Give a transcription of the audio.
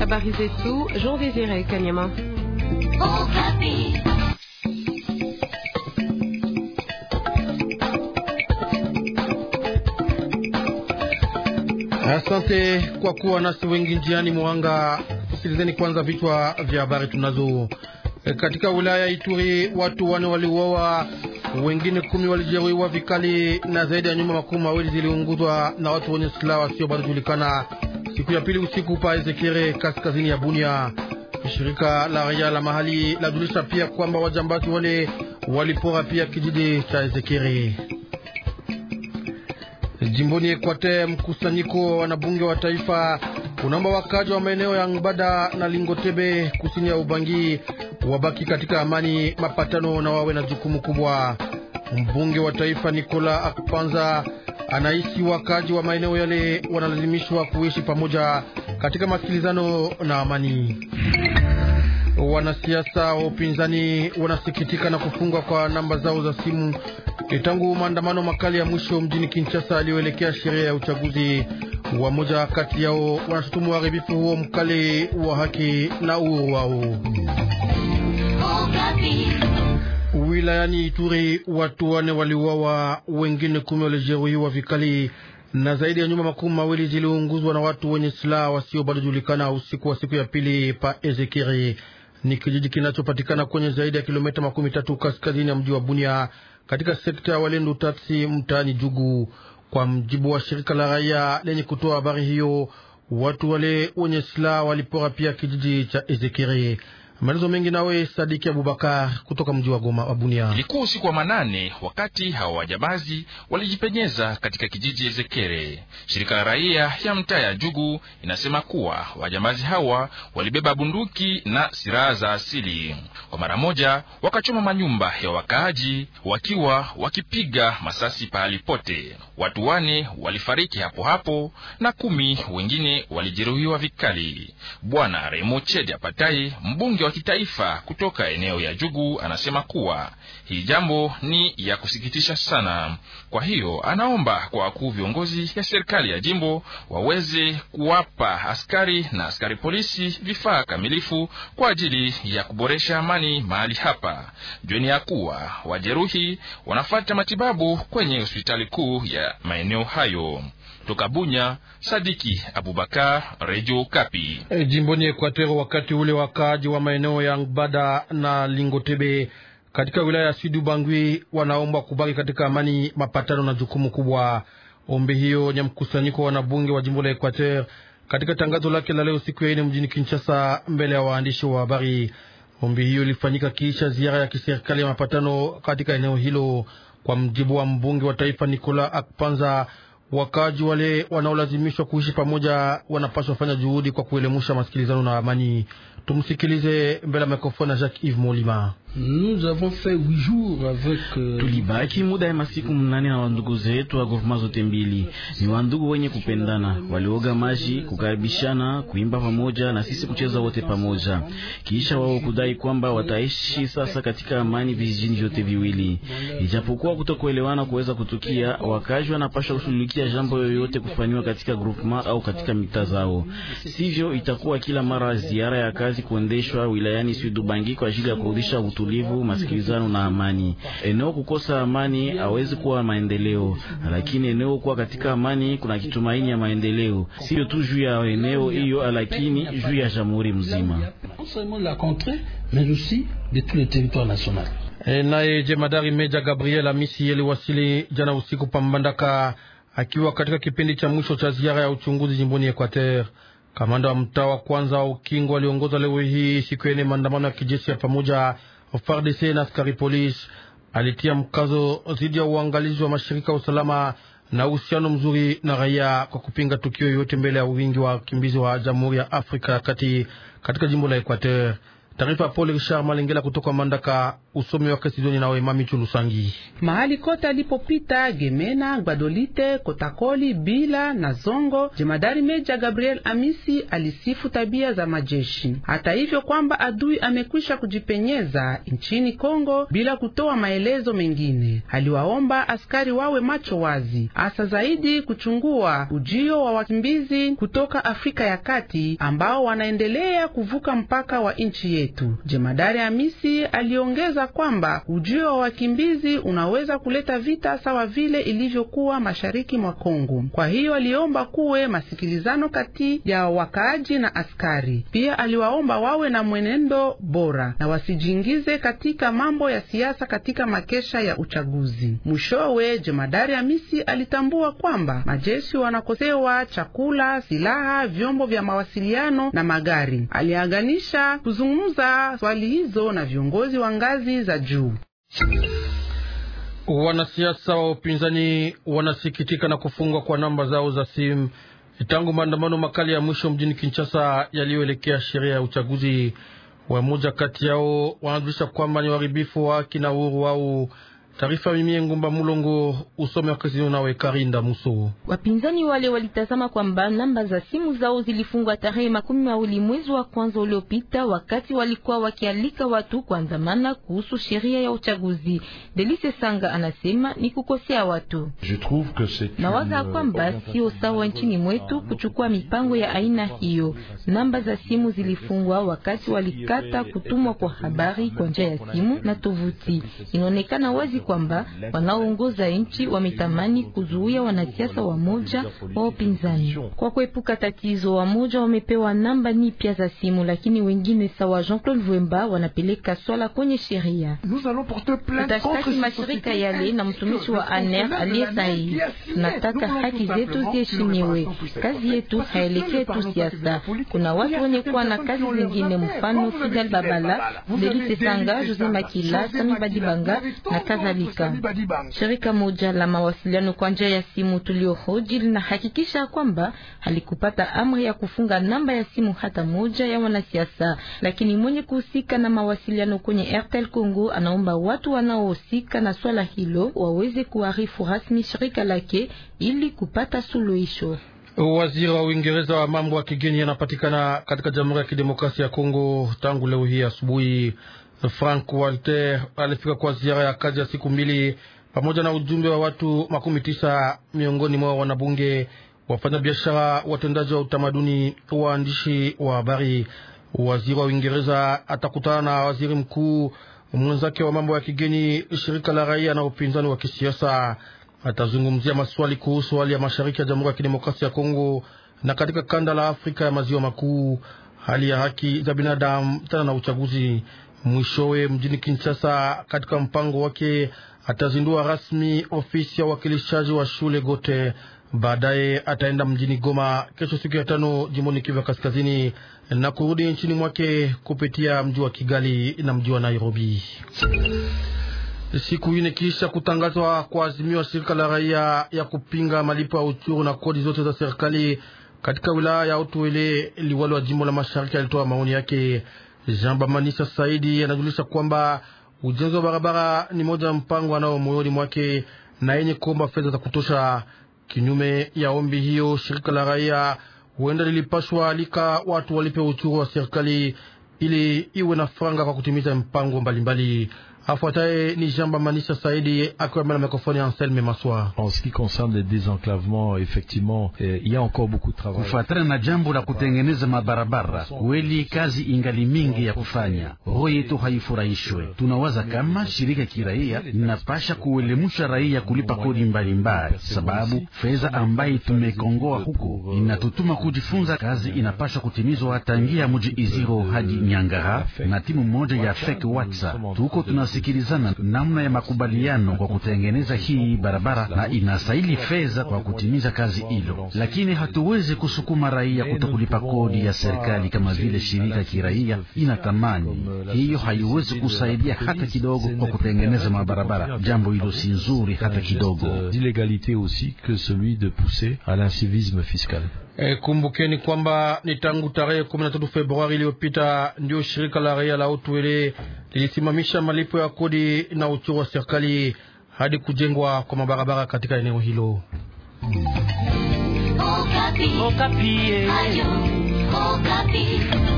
Habari zetu Jean Désiré Kanyama. Asante kwa kuwa nasi wengi njiani mwanga. Sikilizeni kwanza vichwa vya habari tunazo. Katika wilaya Ituri watu wane waliuawa wengine kumi walijeruhiwa vikali na zaidi ya nyumba makumi mawili ziliunguzwa na watu wenye silaha wasio bado julikana siku ya pili usiku pa Ezekere kaskazini ya Bunia. Shirika la raia la mahali lajulisha pia kwamba wajambazi wale walipora pia kijiji cha Ezekere jimboni Ekwate. Mkusanyiko wa wanabunge wa taifa unaomba wakaji wa maeneo ya Ngbada na Lingotebe kusini ya Ubangi wabaki katika amani, mapatano na wawe na jukumu kubwa. Mbunge wa taifa Nikola Akpanza anaishi wakaji wa maeneo yale wanalazimishwa kuishi pamoja katika masikilizano na amani. Wanasiasa wa upinzani wanasikitika na kufungwa kwa namba zao za simu e, tangu maandamano makali ya mwisho mjini Kinshasa aliyoelekea sherehe ya uchaguzi. Wamoja kati yao wanashutumu uharibifu huo mkali wa haki na uhuru wao. Wilayani Ituri watu wane waliuawa, wengine kumi walijeruhiwa vikali, na zaidi ya nyumba makumi mawili ziliunguzwa na watu wenye silaha wasio bado julikana usiku wa siku ya pili pa Ezekiri. Ni kijiji kinachopatikana kwenye zaidi ya kilomita makumi tatu kaskazini ya mji wa Bunia katika sekta ya Walendu Taksi mtaani Jugu. Kwa mjibu wa shirika la raia lenye kutoa habari hiyo, watu wale wenye silaha walipora pia kijiji cha Ezekiri. Maelezo mengi nawe Sadiki Abubakar kutoka mji wa Goma wa Ilikuwa usiku wa manane wakati hawa wajambazi walijipenyeza katika kijiji Ezekere. Shirika la raia ya mtaa ya Jugu inasema kuwa wajambazi hawa walibeba bunduki na silaha za asili. Kwa mara moja wakachoma manyumba ya wakaaji wakiwa wakipiga masasi pahali pote. Watu wane walifariki hapo hapo na kumi wengine walijeruhiwa vikali. Bwana Remo Chedi Apatai, mbunge wa kitaifa kutoka eneo ya Jugu anasema kuwa hii jambo ni ya kusikitisha sana. Kwa hiyo anaomba kwa wakuu viongozi ya serikali ya jimbo waweze kuwapa askari na askari polisi vifaa kamilifu kwa ajili ya kuboresha amani mahali hapa. Jueni ya kuwa wajeruhi wanafata matibabu kwenye hospitali kuu ya maeneo hayo. Toka Bunya, Sadiki Abubakar, Radio Kapi. E, jimboni Ekwatero. Wakati ule wakaaji wa maeneo ya Ngbada na Lingotebe katika wilaya ya Sud Bangui wanaomba kubaki katika amani, mapatano na jukumu kubwa. Ombi hiyo ni mkusanyiko wa wanabunge wa jimbo la Equateur katika tangazo lake la leo siku ya ine mjini Kinshasa mbele ya waandishi wa habari. Ombi hiyo ilifanyika kiisha ziara ya kiserikali ya mapatano katika eneo hilo. Kwa mjibu wa mbunge wa taifa Nicolas Akpanza, Wakaji wale wanaolazimishwa kuishi pamoja wanapaswa fanya juhudi kwa kuelemusha masikilizano na amani. Tumsikilize mbele ya mikrofoni ya Jacques Yves Molima. Euh, Tulibaki muda ya masiku mnane na wandugu zetu wa gofuma zote mbili. Ni wandugu wenye kupendana, walioga maji, kukaribishana, kuimba pamoja na sisi kucheza wote pamoja, kisha wao kudai kwamba wataishi sasa katika amani vijijini vyote viwili. Ijapokuwa kutokuelewana kuweza kutukia, wakazi wanapasha kushughulikia jambo yoyote kufanywa katika groupement au katika mita zao, sivyo itakuwa kila mara ziara ya kazi kuendeshwa wilayani Sudubangi kwa ajili ya kurudisha utulivu, masikilizano na amani. Eneo kukosa amani hawezi kuwa maendeleo, lakini eneo kuwa katika amani kuna kitumaini ya maendeleo, sio tu juu ya eneo hiyo, lakini juu ya jamhuri mzima. Eh, naye jemadari Meja Gabriel Amisi aliwasili jana usiku Pambandaka akiwa katika kipindi cha mwisho cha ziara ya uchunguzi jimboni Equateur. Kamanda wa mtaa wa kwanza wa ukingo aliongoza leo hii siku ya maandamano ya kijeshi ya pamoja FARDC na askari polisi, alitia mkazo dhidi ya uangalizi wa mashirika ya usalama na uhusiano mzuri na raia kwa kupinga tukio yote mbele ya wingi wa wakimbizi wa Jamhuri ya Afrika ya Kati katika jimbo la Equateur. Taarifa ya Paul Richard Malengela kutoka Mandaka usomi wake Sidoni na Wemami Chulusangi. Mahali kote alipopita Gemena, Gbadolite, Kotakoli, Bila na Zongo, jemadari Meja Gabriel Amisi alisifu tabia za majeshi, hata hivyo kwamba adui amekwisha kujipenyeza nchini Kongo bila kutoa maelezo mengine. Aliwaomba askari wawe macho wazi, hasa zaidi kuchungua ujio wa wakimbizi kutoka Afrika ya Kati ambao wanaendelea kuvuka mpaka wa nchi yetu. Jemadari Amisi aliongeza kwamba ujio wa wakimbizi unaweza kuleta vita sawa vile ilivyokuwa mashariki mwa Kongo. Kwa hiyo aliomba kuwe masikilizano kati ya wakaaji na askari. Pia aliwaomba wawe na mwenendo bora na wasijiingize katika mambo ya siasa katika makesha ya uchaguzi. Mwishowe, jemadari amisi alitambua kwamba majeshi wanakosewa chakula, silaha, vyombo vya mawasiliano na magari. Aliaganisha kuzungumza swali hizo na viongozi wa ngazi za juu. Wanasiasa wa upinzani wanasikitika na kufungwa kwa namba zao za simu tangu maandamano makali ya mwisho mjini Kinshasa yaliyoelekea sheria ya uchaguzi. Wamoja kati yao wanajulisha kwamba ni uharibifu wa haki na uhuru wao Taarifa mimi Ngumba Mulongo usome wakazino nawe Karinda Muso. Wapinzani wale walitazama kwamba namba za simu zao zilifungwa tarehe makumi mawili mwezi wa kwanza uliopita, wakati walikuwa wakialika watu kuandamana kuhusu sheria ya uchaguzi. Delice Sanga anasema ni kukosea watu. Nawaza euh, kwamba sio sawa nchini mwetu kuchukua mipango ya aina hiyo. Namba za simu zilifungwa wakati walikata kutumwa kwa habari kwa njia ya simu na tovuti. Inaonekana wazi kwamba wanaoongoza nchi wametamani kuzuia wanasiasa wamoja wa upinzani kwa kuepuka tatizo. Wamoja wamepewa namba nipya za simu, lakini wengine sawa Jean-Claude Vwemba wanapeleka swala kwenye sheria. Tutashtaki mashirika yale na mtumishi wa ANER aliye sahihi. Tunataka haki zetu ziheshimiwe. Kazi yetu haelekee tu siasa. Kuna watu wenye kuwa na kazi zingine, mfano Fidel Babala, Delise Sanga, Jose Makila, Sami Badibanga na kadhalika kadhalika. Shirika moja la mawasiliano kwa njia ya simu tuliohoji linahakikisha kwamba halikupata amri ya kufunga namba ya simu hata moja ya wanasiasa, lakini mwenye kuhusika na mawasiliano kwenye Airtel Congo anaomba watu wanaohusika na swala hilo waweze kuarifu rasmi shirika lake ili kupata suluhisho. Waziri wa Uingereza wa mambo ya kigeni anapatikana katika Jamhuri ya Kidemokrasia ya Kongo tangu leo hii asubuhi. Frank Walter alifika kwa ziara ya kazi ya siku mbili pamoja na ujumbe wa watu makumi tisa miongoni mwa wanabunge, wafanyabiashara, watendaji wa utamaduni, waandishi wa habari. Waziri wa Uingereza atakutana na waziri mkuu mwenzake wa mambo ya kigeni, shirika la raia na upinzani wa kisiasa. Atazungumzia maswali kuhusu hali ya mashariki ya Jamhuri ya Kidemokrasia ya Kongo na katika kanda la Afrika ya maziwa makuu, hali ya haki za binadamu tena na uchaguzi. Mwishowe mjini Kinshasa, katika mpango wake atazindua rasmi ofisi ya uwakilishaji wa shule Gote. Baadaye ataenda mjini Goma kesho, siku ya tano, jimboni Kivu Kaskazini, na kurudi nchini mwake kupitia mji wa Kigali na mji wa Nairobi. Siku ine kisha kutangazwa kwa azimio ya shirika la raia ya kupinga malipo ya uchuru na kodi zote za serikali katika wilaya ya Otuele, liwali wa jimbo la mashariki alitoa maoni yake. Jean Bamanisa Saidi anajulisha kwamba ujenzi wa barabara ni moja mpango anao moyoni mwake na yenye kuomba fedha za kutosha. Kinyume ya ombi hiyo, shirika la raia huenda lilipashwa alika watu walipe uchuru wa serikali ili iwe na franga kwa kutimiza mpango mbalimbali mbali. Afuataye ni Jamba Manisha Saidi akiwa na mikrofoni Anselme Maswa. En ce qui concerne le désenclavement effectivement eh, il y a encore beaucoup de travail. Kufuatana na jambo la kutengeneza mabarabara, kweli kazi ingali mingi ya kufanya. Roho yetu haifurahishwe. Tunawaza kama shirika kiraia linapasha kuelemusha raia kulipa kodi mbalimbali, sababu fedha ambayo tumekongoa huko inatutuma kujifunza. Kazi inapasha kutimizwa tangia mji Iziro hadi Nyangara na timu moja ya fake WhatsApp. tuko tuna kusikilizana namna ya makubaliano kwa kutengeneza hii barabara, na inastahili fedha kwa kutimiza kazi hilo, lakini hatuwezi kusukuma raia kutokulipa kodi ya serikali kama vile shirika kiraia inatamani. Hiyo haiwezi kusaidia hata kidogo kwa kutengeneza mabarabara. Jambo hilo si nzuri hata kidogo. E, kumbukeni kwamba ni tangu tarehe 13 Februari iliyopita ndio shirika la raia la Utwele lilisimamisha malipo ya kodi na uchuru wa serikali hadi kujengwa kwa mabarabara katika eneo hilo. Okapi. Okapi. Eh. Ayu, Okapi.